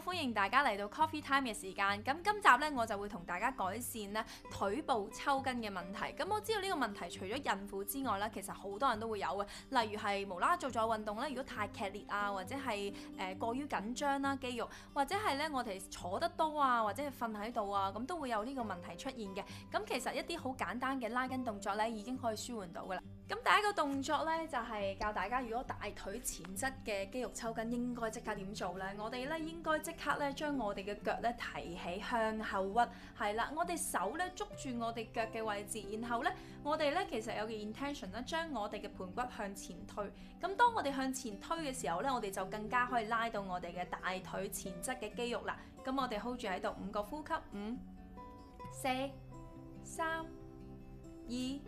歡迎大家嚟到 Coffee Time 嘅時間，咁今集呢，我就會同大家改善呢腿部抽筋嘅問題。咁我知道呢個問題除咗孕婦之外啦，其實好多人都會有嘅，例如係無啦啦做咗運動呢，如果太劇烈啊，或者係誒、呃、過於緊張啦肌肉，或者係呢我哋坐得多啊，或者係瞓喺度啊，咁都會有呢個問題出現嘅。咁其實一啲好簡單嘅拉筋動作呢已經可以舒緩到㗎喇。咁第一個動作呢，就係、是、教大家，如果大腿前側嘅肌肉抽筋，應該即刻點做呢？我哋呢應該。即刻咧，將我哋嘅腳咧提起向後屈，係啦。我哋手咧捉住我哋腳嘅位置，然後咧我哋咧其實有個 intention 咧，將我哋嘅盤骨向前推。咁當我哋向前推嘅時候咧，我哋就更加可以拉到我哋嘅大腿前側嘅肌肉啦。咁我哋 hold 住喺度五個呼吸，五、四、三、二、一。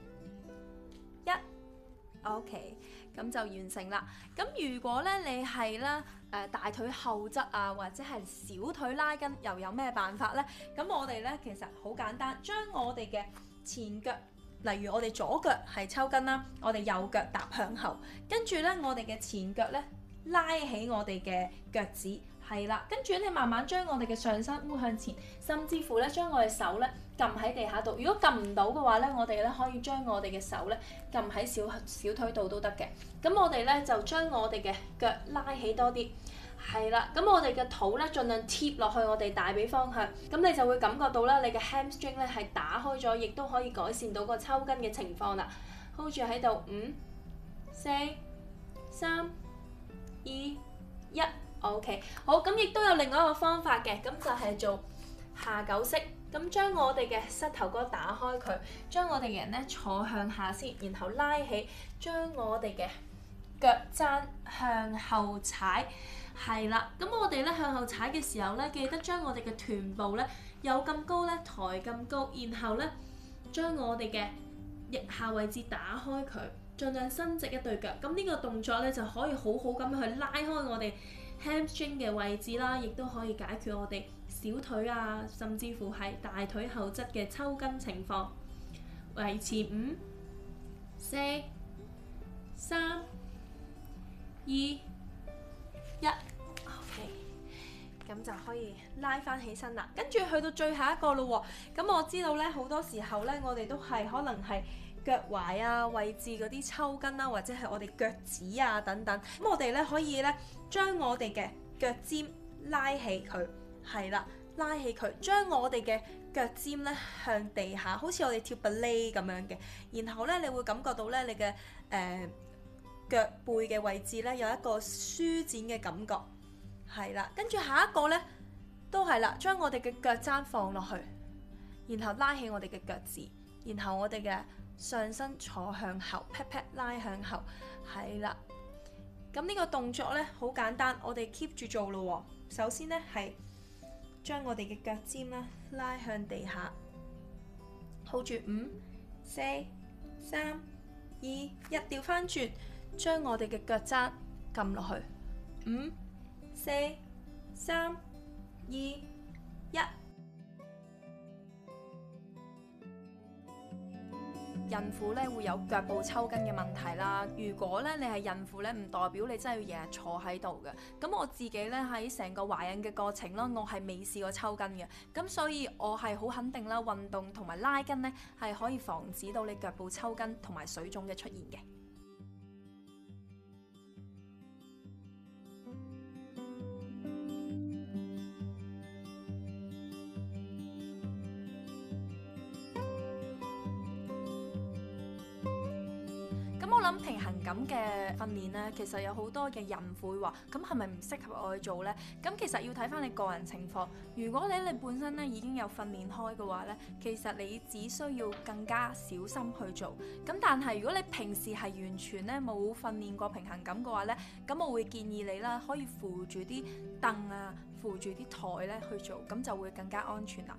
OK，咁就完成啦。咁如果咧你係咧誒大腿後側啊，或者係小腿拉筋，又有咩辦法咧？咁我哋咧其實好簡單，將我哋嘅前腳，例如我哋左腳係抽筋啦，我哋右腳踏向後，跟住咧我哋嘅前腳咧拉起我哋嘅腳趾。係啦，跟住咧，你慢慢將我哋嘅上身彎向前，甚至乎咧，將我哋手咧撳喺地下度。如果撳唔到嘅話咧，我哋咧可以將我哋嘅手咧撳喺小小腿度都得嘅。咁我哋咧就將我哋嘅腳拉起多啲，係啦。咁我哋嘅肚咧盡量貼落去我哋大髀方向。咁你就會感覺到咧，你嘅 hamstring 咧係打開咗，亦都可以改善到個抽筋嘅情況啦。hold 住喺度，五、四、三、二、一。OK，好，咁亦都有另外一個方法嘅，咁就係做下九式。咁將我哋嘅膝頭哥打開佢，將我哋嘅人咧坐向下先，然後拉起，將我哋嘅腳踭向後踩，係啦。咁我哋咧向後踩嘅時候咧，記得將我哋嘅臀部咧有咁高咧抬咁高，然後咧將我哋嘅腋下位置打開佢，盡量伸直一對腳。咁呢個動作咧就可以好好咁去拉開我哋。Hamstring 嘅位置啦，亦都可以解決我哋小腿啊，甚至乎係大腿後側嘅抽筋情況。維持五、四、三、二、一，OK，咁就可以拉翻起身啦。跟住去到最後一個咯喎，咁我知道呢，好多時候呢，我哋都係可能係。腳踝啊位置嗰啲抽筋啦，啊，或者係我哋腳趾啊等等。咁我哋咧可以咧將我哋嘅腳尖拉起佢，係啦，拉起佢，將我哋嘅腳尖咧向地下，好似我哋跳芭蕾咁樣嘅。然後咧，你會感覺到咧你嘅誒腳背嘅位置咧有一個舒展嘅感覺，係啦。跟住下一個咧都係啦，將我哋嘅腳踭放落去，然後拉起我哋嘅腳趾，然後我哋嘅。上身坐向後，劈劈拉向後，係啦。咁呢個動作咧好簡單，我哋 keep 住做咯。首先咧係將我哋嘅腳尖啦拉向地下，好住五、四、三、二、一，調翻轉，將我哋嘅腳踭撳落去，五、四、三、二、一。孕婦咧會有腳部抽筋嘅問題啦。如果咧你係孕婦咧，唔代表你真係要日日坐喺度嘅。咁我自己咧喺成個懷孕嘅過程咯，我係未試過抽筋嘅。咁所以我係好肯定啦，運動同埋拉筋咧係可以防止到你腳部抽筋同埋水腫嘅出現嘅。我諗平衡感嘅訓練呢，其實有好多嘅人會話，咁係咪唔適合我去做呢？咁其實要睇返你個人情況。如果你你本身咧已經有訓練開嘅話呢，其實你只需要更加小心去做。咁但係如果你平時係完全咧冇訓練過平衡感嘅話呢，咁我會建議你啦，可以扶住啲凳啊，扶住啲台咧去做，咁就會更加安全啦。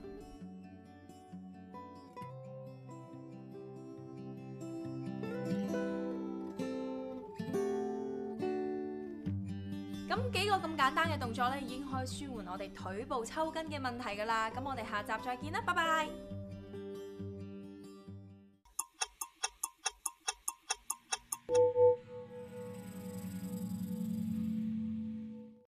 咁幾個咁簡單嘅動作咧，已經可以舒緩我哋腿部抽筋嘅問題噶啦。咁我哋下集再見啦，拜拜。